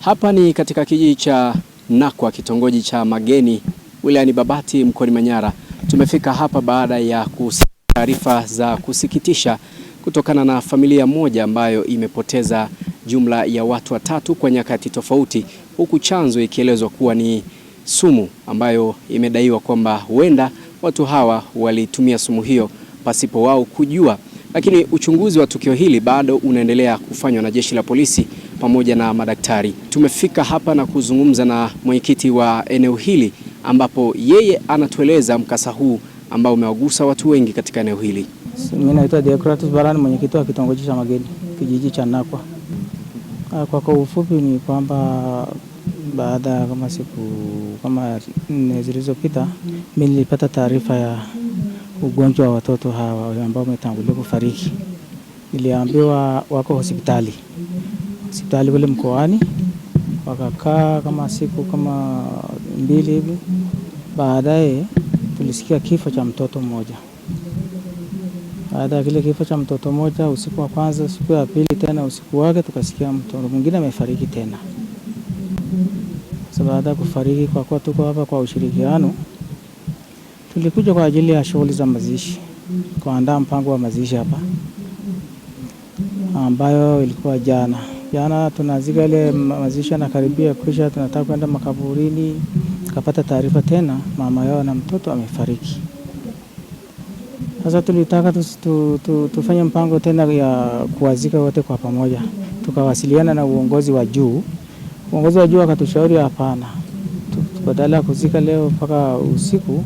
Hapa ni katika kijiji cha Nakwa, kitongoji cha Mageni, wilayani Babati, mkoani Manyara. Tumefika hapa baada ya kusikia taarifa za kusikitisha kutokana na familia moja ambayo imepoteza jumla ya watu watatu kwa nyakati tofauti, huku chanzo ikielezwa kuwa ni sumu ambayo imedaiwa kwamba huenda watu hawa walitumia sumu hiyo pasipo wao kujua lakini uchunguzi wa tukio hili bado unaendelea kufanywa na jeshi la polisi pamoja na madaktari. Tumefika hapa na kuzungumza na mwenyekiti wa eneo hili ambapo yeye anatueleza mkasa huu ambao umewagusa watu wengi katika eneo hili. Mimi naitwa Deokratus Barani, mwenyekiti wa kitongoji cha Mageni, kijiji cha Nakwa. Ah, kwa kwa ufupi ni kwamba baada ya kama siku kama nne zilizopita, mimi nilipata taarifa ya ugonjwa wa watoto hawa ambao wametangulia kufariki. Niliambiwa wako hospitali hospitali kule mkoani, wakakaa kama siku kama mbili hivi. Baadaye tulisikia kifo cha mtoto mmoja. Baada ya kile kifo cha mtoto mmoja, usiku wa kwanza, usiku ya pili tena usiku wake, tukasikia mtoto mwingine amefariki tena. Sasa baada ya kufariki, kwa kuwa tuko hapa kwa ushirikiano Tulikuja kwa ajili ya shughuli za mazishi, kuandaa mpango wa mazishi hapa, ambayo ilikuwa jana jana. Tunazika ile mazishi anakaribia kisha tunataka kwenda makaburini, kapata taarifa tena mama yao na mtoto amefariki. Sasa tulitaka tu, tu, tu, tufanye mpango tena ya kuwazika wote kwa pamoja. Tukawasiliana na uongozi wa juu, uongozi wa juu akatushauri hapana, badala ya kuzika leo mpaka usiku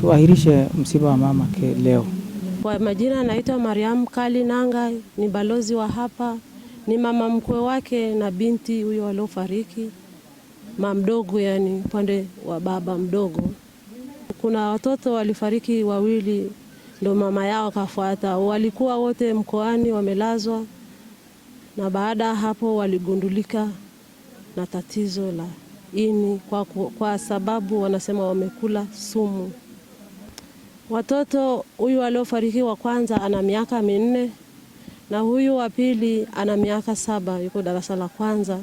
tuahirishe msiba wa ke leo. Kwa majina anaitwa Mariam Kali Nanga, ni balozi wa hapa, ni mama mkwe wake na binti huyo waliofariki, mama mdogo, yani upande wa baba mdogo. Kuna watoto walifariki wawili, ndo mama yao kafuata. Walikuwa wote mkoani wamelazwa, na baada ya hapo waligundulika na tatizo la ini kwa, kwa sababu wanasema wamekula sumu. Watoto huyu aliofariki wa kwanza ana miaka minne na huyu wa pili ana miaka saba, yuko darasa la kwanza,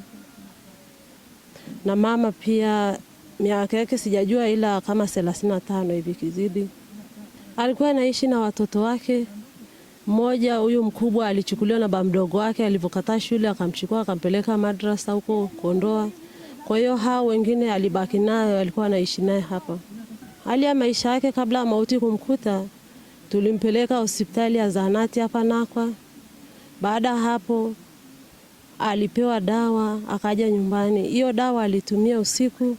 na mama pia miaka yake sijajua, ila kama thelathini na tano hivi kizidi. Alikuwa anaishi na watoto wake. Mmoja huyu mkubwa alichukuliwa na baba mdogo wake, alivyokataa shule akamchukua akampeleka madrasa huko Kondoa. Kwa hiyo hao wengine alibaki nayo, alikuwa anaishi naye hapa. Hali ya maisha yake kabla ya mauti kumkuta, tulimpeleka hospitali ya zahanati hapa Nakwa. Baada ya hapo, alipewa dawa akaja nyumbani. Hiyo dawa alitumia usiku.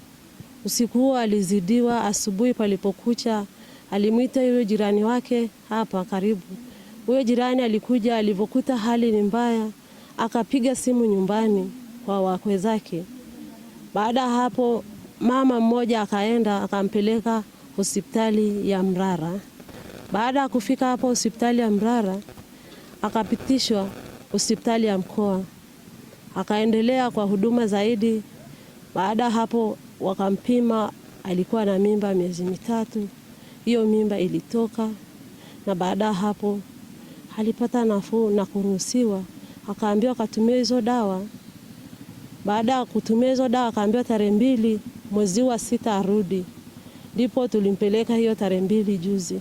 Usiku huo alizidiwa. Asubuhi palipokucha, alimwita huyo jirani wake hapa karibu. Huyo jirani alikuja, alivyokuta hali ni mbaya, akapiga simu nyumbani kwa wakwe zake. Baada ya hapo mama mmoja akaenda akampeleka hospitali ya Mrara. Baada ya kufika hapo hospitali ya Mrara akapitishwa hospitali ya mkoa, akaendelea kwa huduma zaidi. Baada hapo wakampima, alikuwa na mimba miezi mitatu. Hiyo mimba ilitoka, na baada hapo alipata nafuu na kuruhusiwa, akaambiwa akatumia hizo dawa. Baada ya kutumia hizo dawa akaambiwa tarehe mbili mwezi wa sita arudi, ndipo tulimpeleka hiyo tarehe mbili juzi.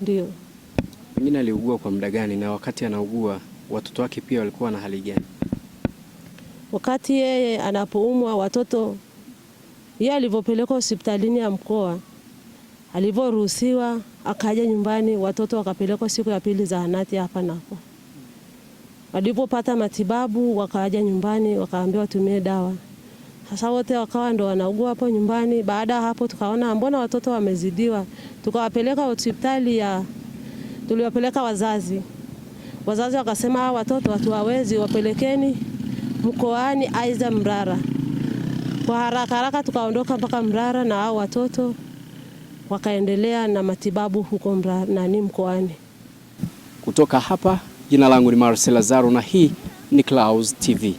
Ndio pengine aliugua kwa muda gani, na wakati anaugua watoto wake pia walikuwa na hali gani? Wakati yeye anapoumwa watoto, yeye alivyopelekwa hospitalini ya mkoa, alivyoruhusiwa akaja nyumbani, watoto wakapelekwa siku ya pili zahanati hapa nako walipopata matibabu wakaja nyumbani, wakaambiwa watumie dawa. Sasa wote wakawa ndo wanaugua hapo nyumbani. Baada ya hapo, tukaona mbona watoto wamezidiwa, tukawapeleka hospitali ya tuliwapeleka wazazi. Wazazi wakasema hawa watoto hatuwawezi, wapelekeni mkoani aiza Mrara. Kwa haraka haraka tukaondoka mpaka Mrara na hao watoto wakaendelea na matibabu huko Mrara nani mkoani. Kutoka hapa, jina langu ni Marcel Lazaro na hii ni Clouds TV.